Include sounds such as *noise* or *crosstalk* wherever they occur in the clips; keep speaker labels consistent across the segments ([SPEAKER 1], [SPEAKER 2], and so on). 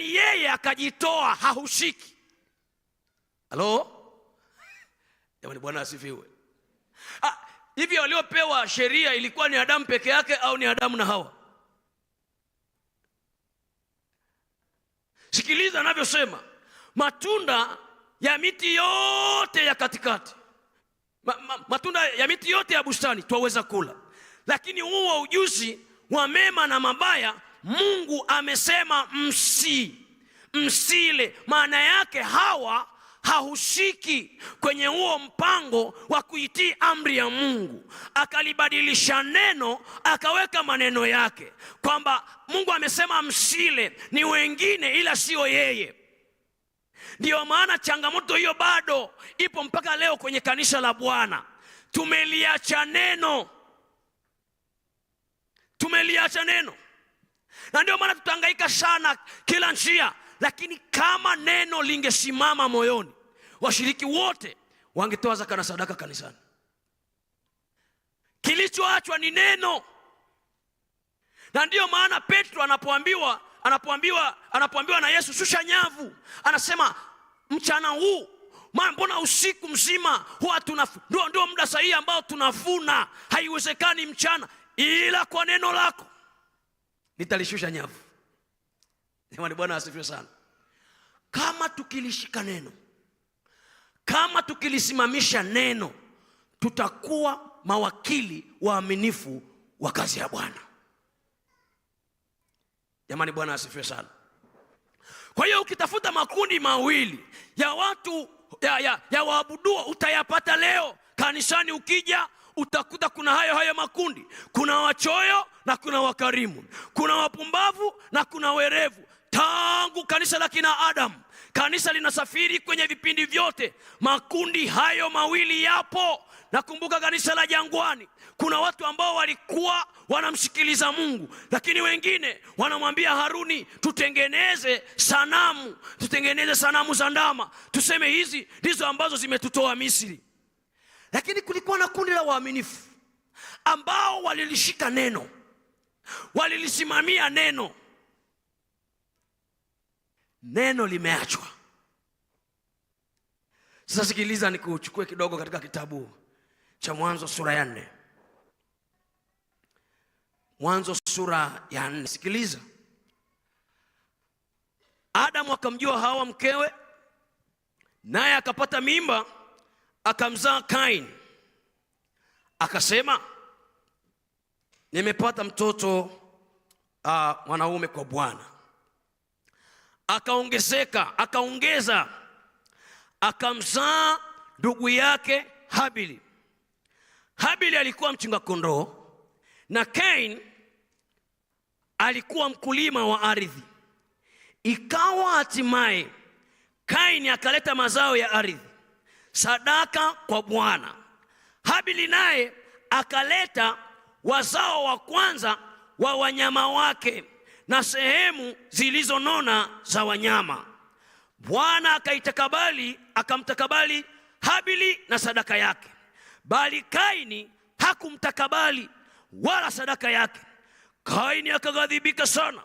[SPEAKER 1] yaani yeye akajitoa, hahushiki. Halo jamani, Bwana asifiwe. Ah, Hivyo waliopewa sheria ilikuwa ni Adamu peke yake au ni Adamu na Hawa? Sikiliza anavyosema, matunda ya miti yote ya katikati ma, ma, matunda ya miti yote ya bustani twaweza kula, lakini huo ujuzi wa mema na mabaya Mungu amesema msi msile, maana yake Hawa hahushiki kwenye huo mpango wa kuitii amri ya Mungu. Akalibadilisha neno akaweka maneno yake kwamba Mungu amesema msile ni wengine, ila siyo yeye. Ndiyo maana changamoto hiyo bado ipo mpaka leo kwenye kanisa la Bwana. Tumeliacha neno, tumeliacha neno na ndio maana tutahangaika sana kila njia, lakini kama neno lingesimama moyoni, washiriki wote wangetoa zaka na sadaka kanisani. Kilichoachwa ni neno, na ndiyo maana Petro anapoambiwa anapoambiwa anapoambiwa na Yesu shusha nyavu, anasema mchana huu mbona usiku mzima huwa tuna ndio ndio muda sahihi ambao tunavuna, haiwezekani mchana ila kwa neno lako nitalishusha nyavu. Jamani, Bwana asifiwe sana. Kama tukilishika neno, kama tukilisimamisha neno, tutakuwa mawakili waaminifu wa kazi ya Bwana. Jamani, Bwana asifiwe sana. Kwa hiyo ukitafuta makundi mawili ya watu ya, ya, ya waabuduo utayapata leo kanisani ukija utakuta kuna hayo hayo makundi. Kuna wachoyo na kuna wakarimu, kuna wapumbavu na kuna werevu. Tangu kanisa la kina Adamu, kanisa linasafiri kwenye vipindi vyote, makundi hayo mawili yapo. Nakumbuka kanisa la jangwani, kuna watu ambao walikuwa wanamsikiliza Mungu, lakini wengine wanamwambia Haruni, tutengeneze sanamu, tutengeneze sanamu za ndama, tuseme hizi ndizo ambazo zimetutoa Misri. Lakini kulikuwa na kundi la waaminifu ambao walilishika neno, walilisimamia neno. Neno limeachwa. Sasa sikiliza, nikuchukue kidogo katika kitabu cha Mwanzo sura ya nne. Mwanzo sura ya nne, sikiliza. Adamu akamjua Hawa mkewe, naye akapata mimba akamzaa Kain, akasema nimepata mtoto uh, mwanaume kwa Bwana. Akaongezeka, akaongeza, akamzaa ndugu yake Habili. Habili alikuwa mchunga kondoo na Kain alikuwa mkulima wa ardhi. Ikawa hatimaye Kaini akaleta mazao ya ardhi sadaka kwa Bwana. Habili naye akaleta wazao wa kwanza wa wanyama wake na sehemu zilizonona za wanyama. Bwana akaitakabali, akamtakabali Habili na sadaka yake, bali Kaini hakumtakabali wala sadaka yake. Kaini akaghadhibika sana,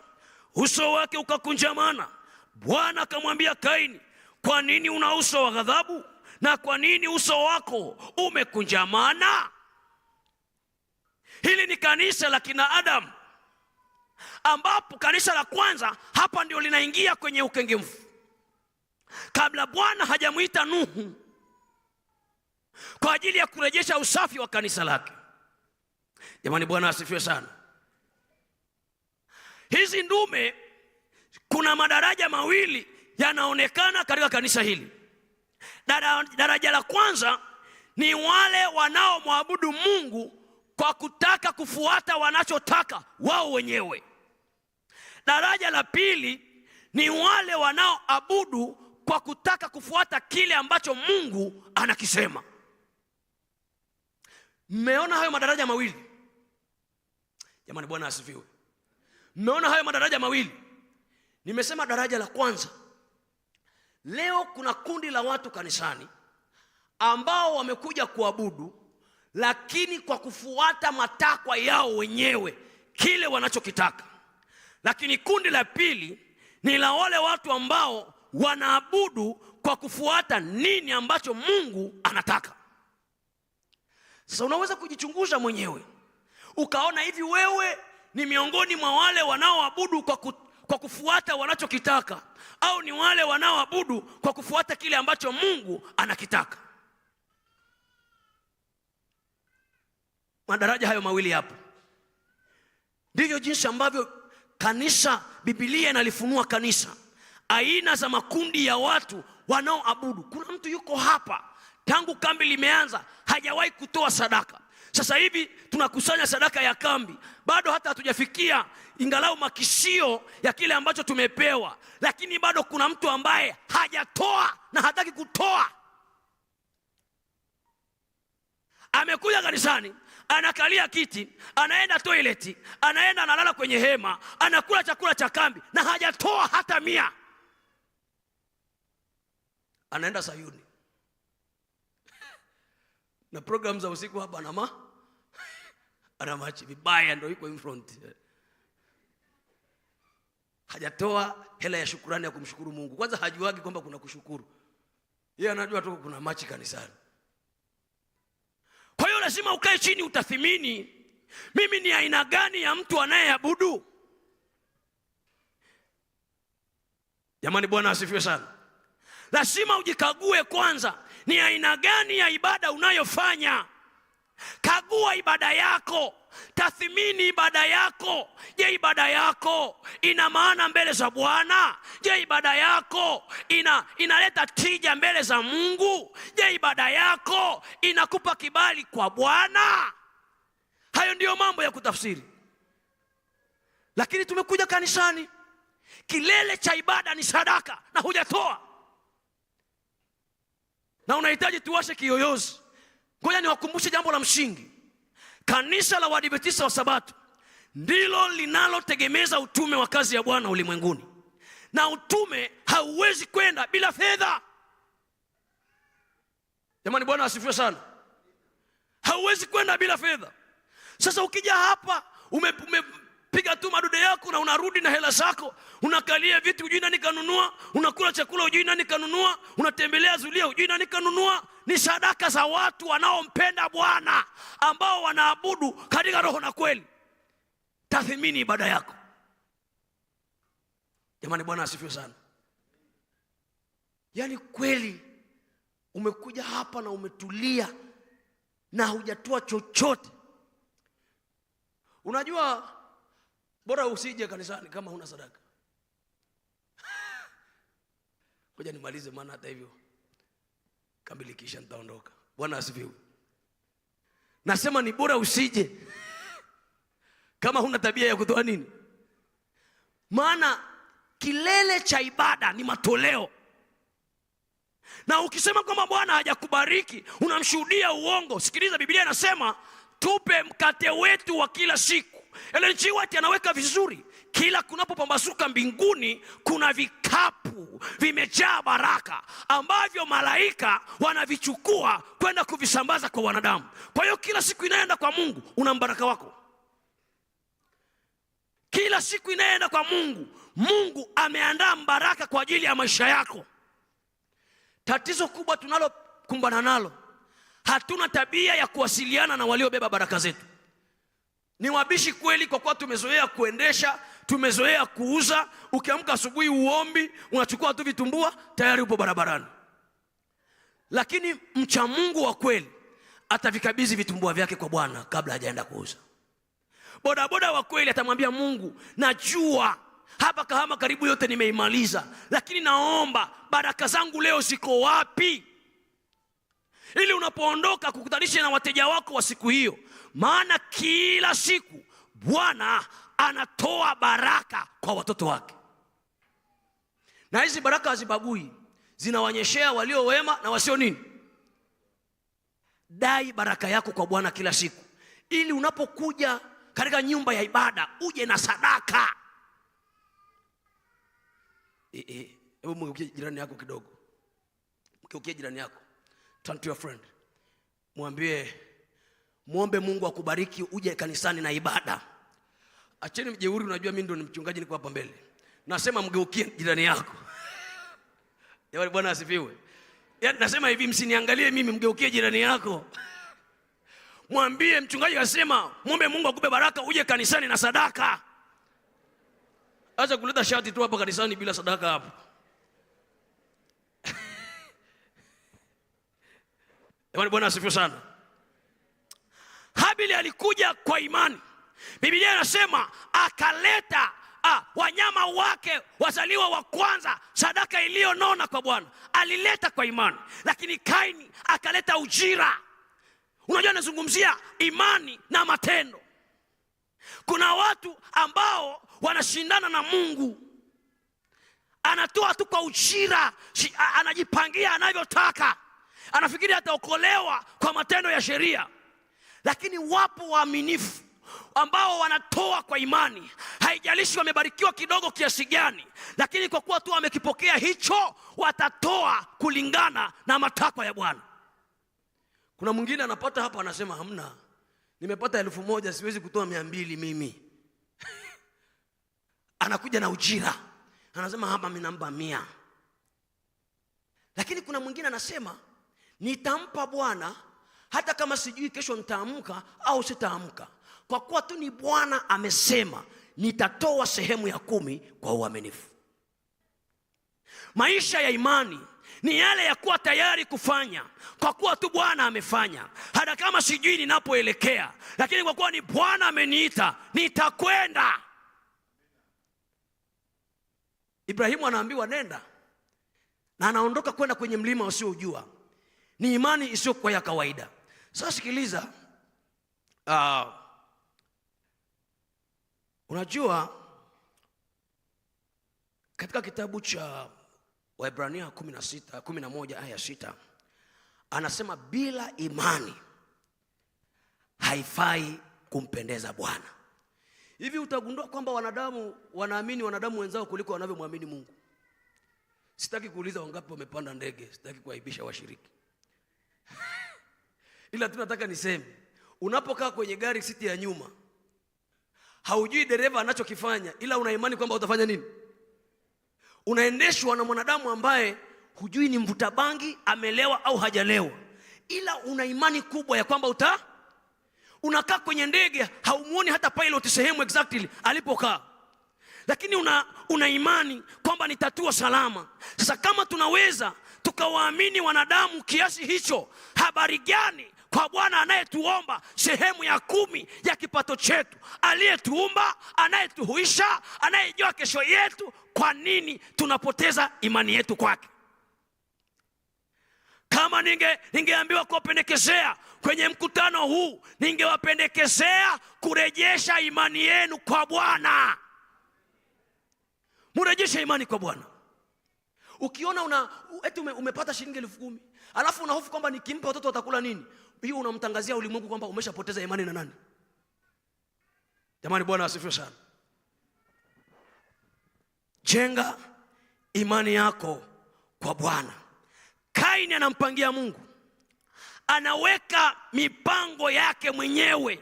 [SPEAKER 1] uso wake ukakunjamana. Bwana akamwambia Kaini, kwa nini una uso wa ghadhabu? na kwa nini uso wako umekunjamana? Hili ni kanisa la kina Adamu, ambapo kanisa la kwanza hapa ndio linaingia kwenye ukengemfu, Kabla Bwana hajamwita Nuhu kwa ajili ya kurejesha usafi wa kanisa lake. Jamani, Bwana asifiwe sana. Hizi ndume, kuna madaraja mawili yanaonekana katika kanisa hili. Daraja la kwanza ni wale wanaomwabudu Mungu kwa kutaka kufuata wanachotaka wao wenyewe. Daraja la pili ni wale wanaoabudu kwa kutaka kufuata kile ambacho Mungu anakisema. Mmeona hayo madaraja mawili jamani? Bwana asifiwe. Mmeona hayo madaraja mawili? Nimesema daraja la kwanza Leo kuna kundi la watu kanisani ambao wamekuja kuabudu, lakini kwa kufuata matakwa yao wenyewe, kile wanachokitaka. Lakini kundi la pili ni la wale watu ambao wanaabudu kwa kufuata nini ambacho Mungu anataka. Sasa unaweza kujichunguza mwenyewe ukaona hivi, wewe ni miongoni mwa wale wanaoabudu kwa kwa kufuata wanachokitaka au ni wale wanaoabudu kwa kufuata kile ambacho Mungu anakitaka. Madaraja hayo mawili hapo, ndivyo jinsi ambavyo kanisa, Biblia inalifunua kanisa, aina za makundi ya watu wanaoabudu. Kuna mtu yuko hapa tangu kambi limeanza hajawahi kutoa sadaka sasa hivi tunakusanya sadaka ya kambi, bado hata hatujafikia ingalau makisio ya kile ambacho tumepewa, lakini bado kuna mtu ambaye hajatoa na hataki kutoa. Amekuja kanisani, anakalia kiti, anaenda toileti, anaenda analala kwenye hema, anakula chakula cha kambi na hajatoa hata mia. Anaenda Sayuni na program za usiku hapa anama *laughs* anamachi vibaya, ndio iko in front, hajatoa hela ya shukurani ya kumshukuru Mungu. Kwanza hajuagi kwamba kuna kushukuru, yeye anajua tu kuna machi kanisani. Kwa hiyo lazima ukae chini utathimini, mimi ni aina gani ya mtu anayeabudu? Jamani, Bwana asifiwe sana. Lazima ujikague kwanza ni aina gani ya ibada unayofanya. Kagua ibada yako, tathmini ibada yako. Je, ibada yako ina maana mbele za Bwana? Je, ibada yako ina inaleta tija mbele za Mungu? Je, ibada yako inakupa kibali kwa Bwana? Hayo ndiyo mambo ya kutafsiri. Lakini tumekuja kanisani, kilele cha ibada ni sadaka na hujatoa na unahitaji tuwashe kiyoyozi. Ngoja niwakumbushe jambo la msingi. Kanisa la wadivetisa wa Sabato ndilo linalotegemeza utume wa kazi ya Bwana ulimwenguni, na utume hauwezi kwenda bila fedha. Jamani, Bwana asifiwe sana. Hauwezi kwenda bila fedha. Sasa ukija hapa ume, ume piga tu madude yako na unarudi na hela zako. Unakalia vitu hujui nani kanunua, unakula chakula hujui nani kanunua, unatembelea zulia hujui nani kanunua. Ni sadaka za watu wanaompenda Bwana, ambao wanaabudu katika roho na kweli. Tathmini ibada yako jamani. Bwana asifiwe sana. Yaani kweli umekuja hapa na umetulia na hujatua chochote, unajua bora usije kanisani kama huna sadaka. *laughs* Ngoja nimalize, maana hata hivyo kambilikisha, nitaondoka. Bwana asifiwe. Nasema ni bora usije *laughs* kama huna tabia ya kutoa nini, maana kilele cha ibada ni matoleo na ukisema kwamba Bwana hajakubariki unamshuhudia uongo. Sikiliza, Biblia inasema tupe mkate wetu wa kila siku. LNG White anaweka vizuri, kila kunapopambazuka mbinguni kuna vikapu vimejaa baraka ambavyo malaika wanavichukua kwenda kuvisambaza kwa wanadamu. Kwa hiyo kila siku inayoenda kwa Mungu una mbaraka wako, kila siku inayoenda kwa Mungu, Mungu ameandaa mbaraka kwa ajili ya maisha yako. Tatizo kubwa tunalokumbana nalo, hatuna tabia ya kuwasiliana na waliobeba baraka zetu. Ni wabishi kweli, kwa kuwa tumezoea kuendesha, tumezoea kuuza. Ukiamka asubuhi uombi, unachukua tu vitumbua, tayari upo barabarani. Lakini mcha Mungu wa kweli atavikabidhi vitumbua vyake kwa Bwana kabla hajaenda kuuza. Bodaboda wa kweli atamwambia Mungu, najua hapa Kahama karibu yote nimeimaliza, lakini naomba baraka zangu leo ziko wapi, ili unapoondoka kukutanisha na wateja wako wa siku hiyo maana kila siku Bwana anatoa baraka kwa watoto wake, na hizi baraka hazibagui, zinawanyeshea walio wema na wasio nini. Dai baraka yako kwa Bwana kila siku, ili unapokuja katika nyumba ya ibada uje na sadaka. Eh, eh, hebu mgeukie jirani yako kidogo, mgeukie jirani yako, turn to your friend, mwambie Muombe Mungu akubariki uje kanisani na ibada. Acheni mjeuri, unajua mimi ndo ni mchungaji niko hapa mbele. Nasema mgeukie jirani yako. Jamani *laughs* Bwana asifiwe. ya, yaani nasema hivi msiniangalie mimi mgeukie jirani yako. *laughs* Mwambie mchungaji asema, muombe Mungu akupe baraka uje kanisani na sadaka. Acha kuleta shati tu hapa kanisani bila sadaka hapo. Jamani *laughs* Bwana asifiwe sana. Habili alikuja kwa imani. Biblia inasema akaleta ah, wanyama wake wazaliwa wa kwanza, sadaka iliyonona kwa Bwana. Alileta kwa imani, lakini Kaini akaleta ujira. Unajua, anazungumzia imani na matendo. Kuna watu ambao wanashindana na Mungu, anatoa tu kwa ujira, anajipangia anavyotaka, anafikiri ataokolewa kwa matendo ya sheria lakini wapo waaminifu ambao wanatoa kwa imani, haijalishi wamebarikiwa kidogo kiasi gani, lakini kwa kuwa tu wamekipokea hicho, watatoa kulingana na matakwa ya Bwana. Kuna mwingine anapata hapo, anasema hamna, nimepata elfu moja siwezi kutoa mia mbili mimi *laughs* anakuja na ujira, anasema hapa mimi mia. Lakini kuna mwingine anasema nitampa Bwana hata kama sijui kesho nitaamka au sitaamka, kwa kuwa tu ni Bwana amesema, nitatoa sehemu ya kumi kwa uaminifu. Maisha ya imani ni yale ya kuwa tayari kufanya kwa kuwa tu Bwana amefanya, hata kama sijui ninapoelekea, lakini kwa kuwa ni Bwana ameniita, nitakwenda. Ibrahimu anaambiwa nenda, na anaondoka kwenda kwenye mlima usiojua. Ni imani isiyokuwa ya kawaida. Sasa sikiliza, uh, unajua katika kitabu cha Waebrania 16 11 aya sita anasema bila imani haifai kumpendeza Bwana. Hivi utagundua kwamba wanadamu wanaamini wanadamu wenzao kuliko wanavyomwamini Mungu. Sitaki kuuliza wangapi wamepanda ndege, sitaki kuaibisha washiriki Ila tu nataka niseme, unapokaa kwenye gari siti ya nyuma, haujui dereva anachokifanya, ila una imani kwamba utafanya nini. Unaendeshwa na mwanadamu ambaye hujui ni mvuta bangi, amelewa au hajalewa, ila una imani kubwa ya kwamba uta unakaa kwenye ndege, haumuoni hata pilot sehemu exactly alipokaa lakini una, una imani kwamba ni tatua salama. Sasa kama tunaweza tukawaamini wanadamu kiasi hicho, habari gani kwa Bwana anayetuomba sehemu ya kumi ya kipato chetu, aliyetuumba, anayetuhuisha, anayejua kesho yetu. Kwa nini tunapoteza imani yetu kwake? Kama ninge ningeambiwa kuwapendekezea kwenye mkutano huu, ningewapendekezea kurejesha imani yenu kwa Bwana. Murejeshe imani kwa Bwana. Ukiona una eti ume, umepata shilingi elfu kumi alafu unahofu kwamba nikimpa watoto watakula nini? hiyo unamtangazia ulimwengu kwamba umeshapoteza imani na nani? Jamani, Bwana asifiwe sana. Jenga imani yako kwa Bwana. Kaini anampangia Mungu, anaweka mipango yake mwenyewe.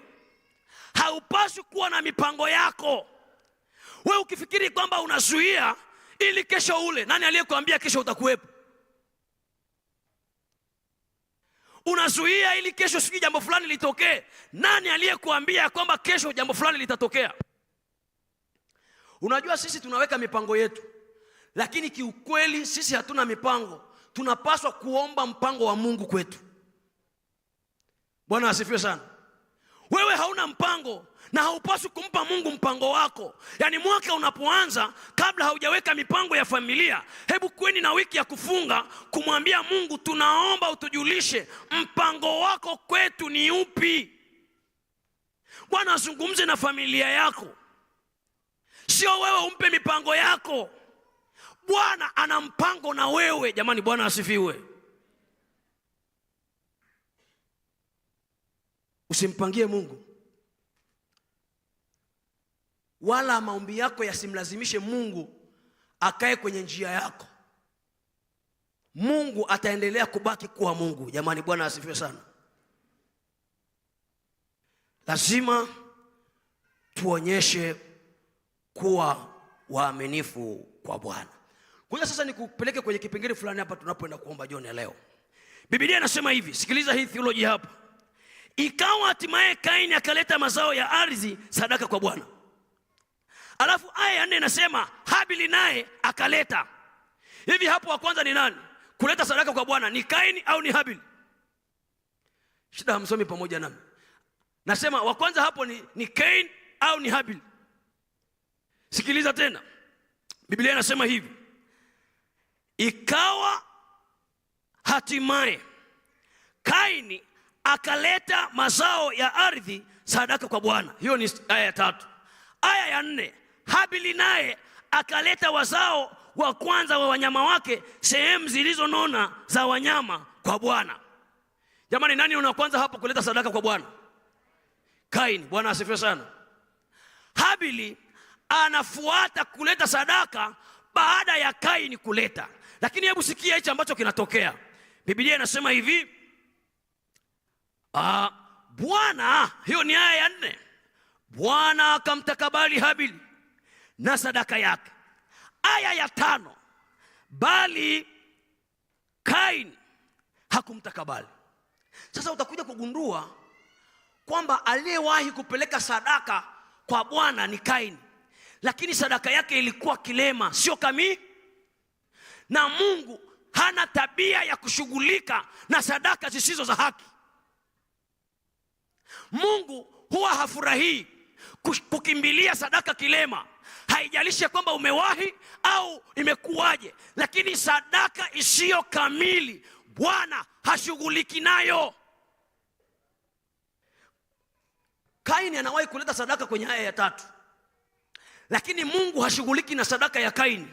[SPEAKER 1] Haupaswi kuwa na mipango yako we, ukifikiri kwamba unazuia ili kesho ule. Nani aliyekuambia kesho utakuwepo? unazuia ili kesho sijui jambo fulani litokee. Nani aliyekuambia ya kwamba kesho jambo fulani litatokea? Unajua, sisi tunaweka mipango yetu, lakini kiukweli sisi hatuna mipango. Tunapaswa kuomba mpango wa Mungu kwetu. Bwana asifiwe sana. Wewe hauna mpango, na haupaswi kumpa Mungu mpango wako. Yaani mwaka unapoanza, kabla haujaweka mipango ya familia, hebu kweni na wiki ya kufunga kumwambia Mungu, tunaomba utujulishe mpango wako kwetu ni upi. Bwana azungumze na familia yako, sio wewe umpe mipango yako. Bwana ana mpango na wewe jamani. Bwana asifiwe. Usimpangie Mungu wala maombi yako yasimlazimishe Mungu akae kwenye njia yako. Mungu ataendelea kubaki kuwa Mungu. Jamani, Bwana asifiwe sana. Lazima tuonyeshe kuwa waaminifu kwa Bwana. kuja sasa nikupeleke kwenye kipengele fulani hapa tunapoenda kuomba jioni leo. Biblia inasema hivi, sikiliza hii theology hapa. Ikawa hatimaye Kaini akaleta mazao ya ardhi sadaka kwa Bwana. Alafu aya ya nne inasema Habili naye akaleta. Hivi hapo wa kwanza ni nani kuleta sadaka kwa Bwana, ni Kaini au ni Habili? Shida hamsomi pamoja nami. Nasema wa kwanza hapo ni, ni Kaini au ni Habili? Sikiliza tena, Biblia inasema hivi, ikawa hatimaye Kaini akaleta mazao ya ardhi sadaka kwa Bwana. Hiyo ni aya ya tatu. Aya ya nne Habili naye akaleta wazao wa kwanza wa wanyama wake sehemu zilizonona za wanyama kwa Bwana. Jamani, nani una kwanza hapo kuleta sadaka kwa Bwana? Kaini. Bwana asifiwe sana. Habili anafuata kuleta sadaka baada ya Kaini kuleta, lakini hebu sikia hichi ambacho kinatokea. Biblia inasema hivi ah, Bwana, hiyo ni aya ya nne. Bwana akamtakabali Habili na sadaka yake. Aya ya tano, bali Kaini hakumtakabali. Sasa utakuja kugundua kwamba aliyewahi kupeleka sadaka kwa Bwana ni Kaini, lakini sadaka yake ilikuwa kilema, sio kamili, na Mungu hana tabia ya kushughulika na sadaka zisizo za haki. Mungu huwa hafurahii kukimbilia sadaka kilema haijalishe kwamba umewahi au imekuwaje, lakini sadaka isiyo kamili Bwana hashughuliki nayo. Kaini anawahi kuleta sadaka kwenye aya ya tatu, lakini Mungu hashughuliki na sadaka ya Kaini.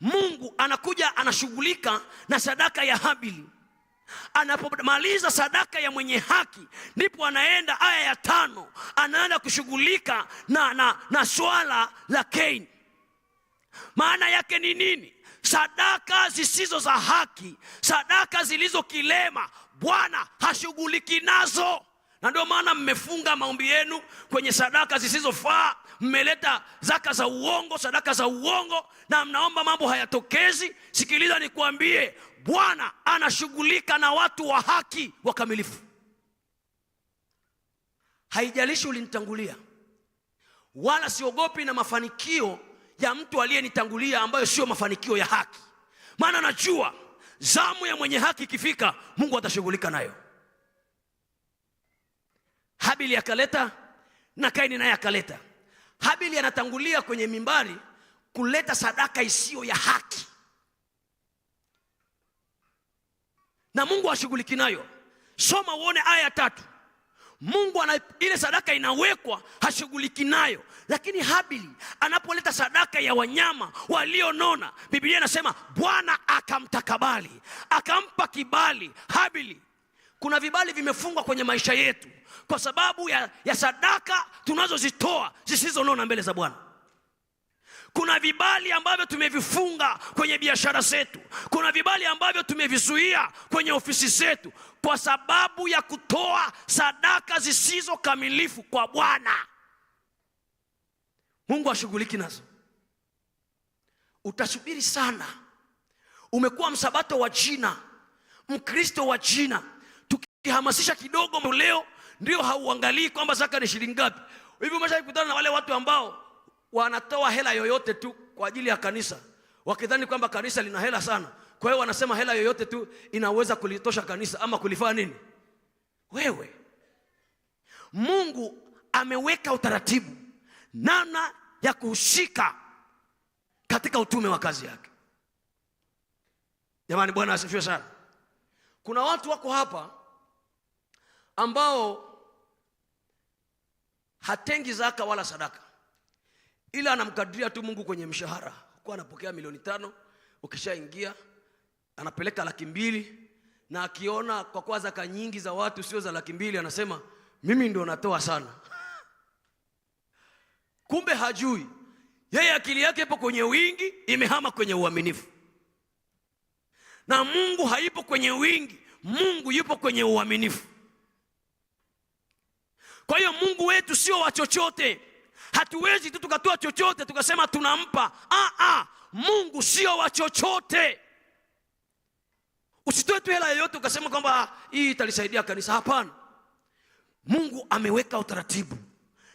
[SPEAKER 1] Mungu anakuja anashughulika na sadaka ya Habili. Anapomaliza sadaka ya mwenye haki, ndipo anaenda aya ya tano, anaenda kushughulika na, na, na swala la Kaini. Maana yake ni nini? Sadaka zisizo za haki, sadaka zilizo kilema, Bwana hashughuliki nazo, na ndio maana mmefunga maombi yenu kwenye sadaka zisizofaa. Mmeleta zaka za uongo, sadaka za uongo, na mnaomba mambo hayatokezi. Sikiliza nikuambie, Bwana anashughulika na watu wa haki wakamilifu. Haijalishi ulinitangulia, wala siogopi na mafanikio ya mtu aliyenitangulia ambayo sio mafanikio ya haki, maana najua zamu ya mwenye haki ikifika, Mungu atashughulika nayo. Habili akaleta na Kaini naye akaleta. Habili anatangulia kwenye mimbari kuleta sadaka isiyo ya haki na Mungu ashughuliki nayo. Soma uone aya tatu. Mungu ana, ile sadaka inawekwa hashughuliki nayo, lakini Habili anapoleta sadaka ya wanyama walionona, Biblia inasema Bwana akamtakabali, akampa kibali Habili. Kuna vibali vimefungwa kwenye maisha yetu kwa sababu ya, ya sadaka tunazozitoa zisizonona mbele za Bwana. Kuna vibali ambavyo tumevifunga kwenye biashara zetu, kuna vibali ambavyo tumevizuia kwenye ofisi zetu kwa sababu ya kutoa sadaka zisizo kamilifu kwa Bwana. Mungu ashughuliki nazo. Utasubiri sana, umekuwa msabato wa jina, mkristo wa jina, tukihamasisha kidogo leo, ndio hauangalii kwamba zaka ni shilingi ngapi. Hivi umeshakutana na wale watu ambao wanatoa hela yoyote tu kwa ajili ya kanisa, wakidhani kwamba kanisa lina hela sana. Kwa hiyo wanasema hela yoyote tu inaweza kulitosha kanisa ama kulifanya nini. Wewe, Mungu ameweka utaratibu namna ya kushika katika utume wa kazi yake. Jamani, Bwana asifiwe sana. Kuna watu wako hapa ambao hatengi zaka wala sadaka ila anamkadiria tu Mungu kwenye mshahara kwa anapokea milioni tano, ukishaingia anapeleka laki mbili, na akiona kwa kuwa zaka nyingi za watu sio za laki mbili, anasema mimi ndo natoa sana. *laughs* Kumbe hajui yeye, akili yake ipo kwenye wingi, imehama kwenye uaminifu. Na Mungu haipo kwenye wingi, Mungu yupo kwenye uaminifu. Kwa hiyo Mungu wetu sio wa chochote. Hatuwezi tu tukatoa chochote tukasema tunampa. Ah, ah, Mungu sio wa chochote. Usitoe tu hela yoyote ukasema kwamba ah, hii italisaidia kanisa. Hapana, Mungu ameweka utaratibu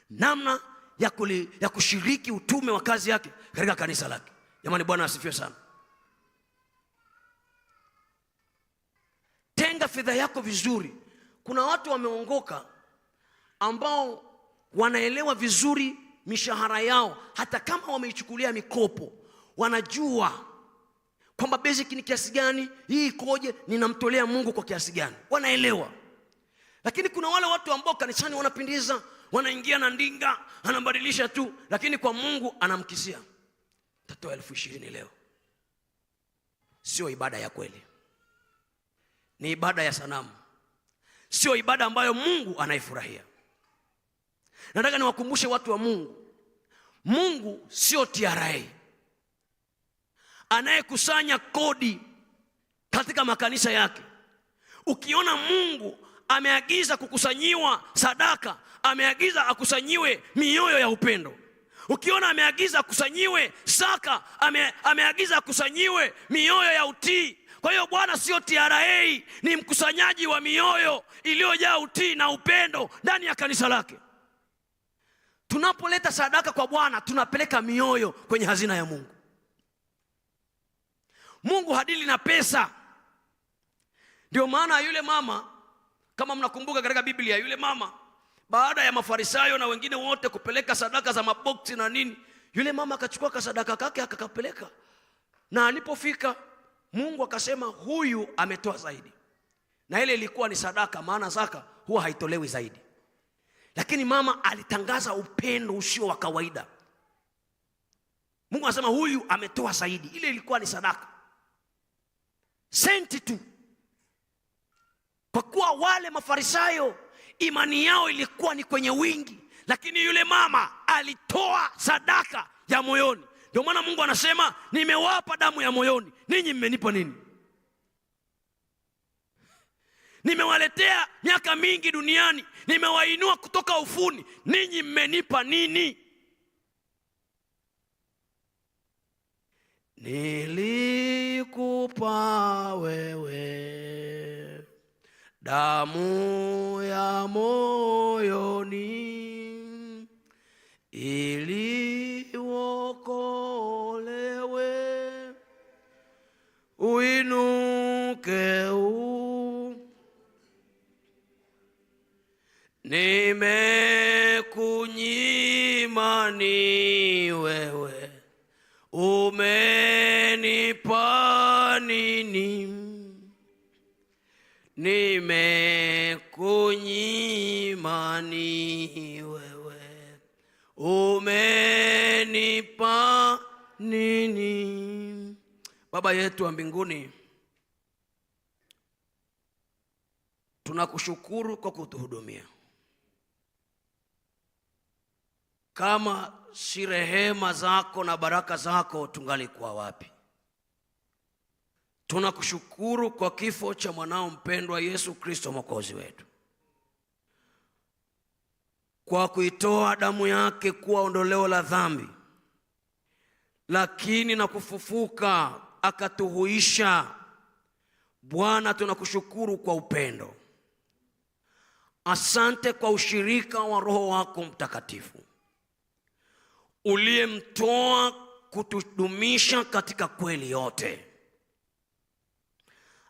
[SPEAKER 1] namna ya, kuli, ya kushiriki utume wa kazi yake katika kanisa lake. Jamani, Bwana asifiwe sana. Tenga fedha yako vizuri. Kuna watu wameongoka ambao wanaelewa vizuri mishahara yao, hata kama wameichukulia mikopo, wanajua kwamba basic ni kiasi gani, hii ikoje, ninamtolea Mungu kwa kiasi gani, wanaelewa. Lakini kuna wale watu ambao kanisani wanapindiza, wanaingia na ndinga, anabadilisha tu, lakini kwa Mungu anamkisia, tatoa elfu ishirini leo. Sio ibada ya kweli, ni ibada ya sanamu, sio ibada ambayo Mungu anaifurahia. Nataka niwakumbushe watu wa Mungu, Mungu sio TRA anayekusanya kodi katika makanisa yake. Ukiona Mungu ameagiza kukusanyiwa sadaka, ameagiza akusanyiwe mioyo ya upendo. Ukiona ameagiza akusanyiwe saka, ame, ameagiza akusanyiwe mioyo ya utii. Kwa hiyo Bwana sio TRA, ni mkusanyaji wa mioyo iliyojaa utii na upendo ndani ya kanisa lake. Tunapoleta sadaka kwa Bwana tunapeleka mioyo kwenye hazina ya Mungu. Mungu hadili na pesa. Ndio maana yule mama, kama mnakumbuka katika Biblia, yule mama baada ya Mafarisayo na wengine wote kupeleka sadaka za maboksi na nini, yule mama akachukua kasadaka kake akakapeleka, na alipofika Mungu akasema huyu ametoa zaidi, na ile ilikuwa ni sadaka, maana zaka huwa haitolewi zaidi. Lakini mama alitangaza upendo usio wa kawaida. Mungu anasema huyu ametoa zaidi. Ile ilikuwa ni sadaka senti tu, kwa kuwa wale Mafarisayo imani yao ilikuwa ni kwenye wingi, lakini yule mama alitoa sadaka ya moyoni. Ndio maana Mungu anasema nimewapa damu ya moyoni, ninyi mmenipa nini? nimewaletea miaka mingi duniani, nimewainua kutoka ufuni, ninyi mmenipa nini?
[SPEAKER 2] Nilikupa wewe damu ya moyoni ili uokolewe uinuke u Nimekunyima ni wewe, umenipa nini? Nimekunyima ni wewe, umenipa nini? Baba yetu wa mbinguni, tunakushukuru kwa kutuhudumia Kama si rehema zako na baraka zako, tungalikuwa wapi? Tunakushukuru kwa kifo cha mwanao mpendwa Yesu Kristo mwokozi wetu, kwa kuitoa damu yake kuwa ondoleo la dhambi, lakini na kufufuka akatuhuisha. Bwana, tunakushukuru kwa upendo. Asante kwa ushirika wa Roho wako Mtakatifu uliyemtoa kutudumisha katika kweli yote.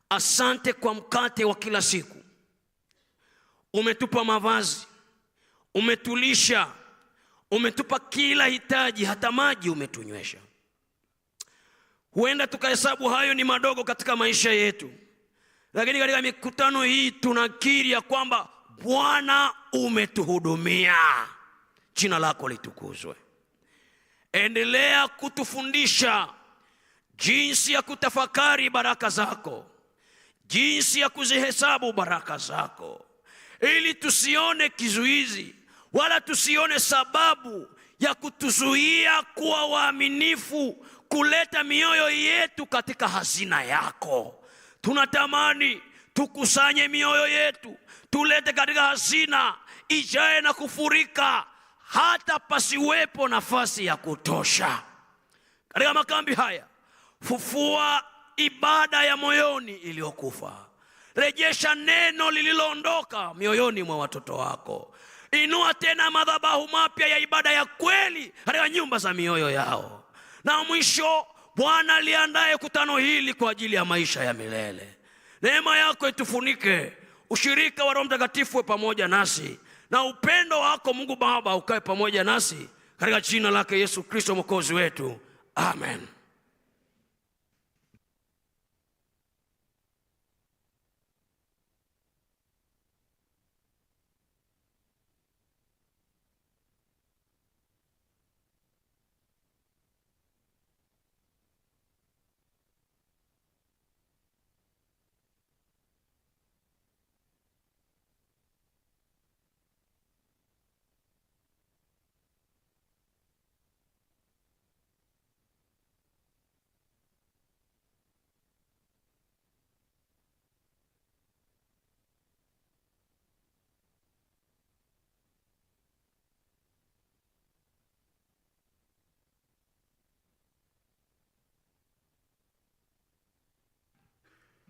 [SPEAKER 2] Asante kwa mkate wa kila siku, umetupa mavazi, umetulisha, umetupa kila hitaji, hata maji umetunywesha. Huenda tukahesabu hayo ni madogo katika maisha yetu, lakini katika mikutano hii tunakiri ya kwamba Bwana umetuhudumia. Jina lako litukuzwe endelea kutufundisha jinsi ya kutafakari baraka zako, jinsi ya kuzihesabu baraka zako, ili tusione kizuizi wala tusione sababu ya kutuzuia kuwa waaminifu, kuleta mioyo yetu katika hazina yako. Tunatamani tukusanye mioyo yetu, tulete katika hazina ijaye na kufurika hata pasiwepo nafasi ya kutosha. Katika makambi haya, fufua ibada ya moyoni iliyokufa. Rejesha neno lililoondoka mioyoni mwa watoto wako. Inua tena madhabahu mapya ya ibada ya kweli katika nyumba za mioyo yao. Na mwisho, Bwana liandaye kutano hili kwa ajili ya maisha ya milele. Neema yako itufunike, ushirika wa Roho Mtakatifu we pamoja nasi na upendo wako Mungu Baba ukae pamoja nasi katika jina lake Yesu Kristo mwokozi wetu, amen.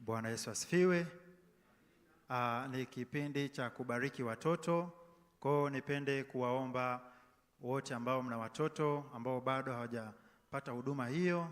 [SPEAKER 3] Bwana Yesu asifiwe. Uh, ni kipindi cha kubariki watoto. Kwa hiyo nipende kuwaomba wote ambao mna watoto ambao bado hawajapata huduma hiyo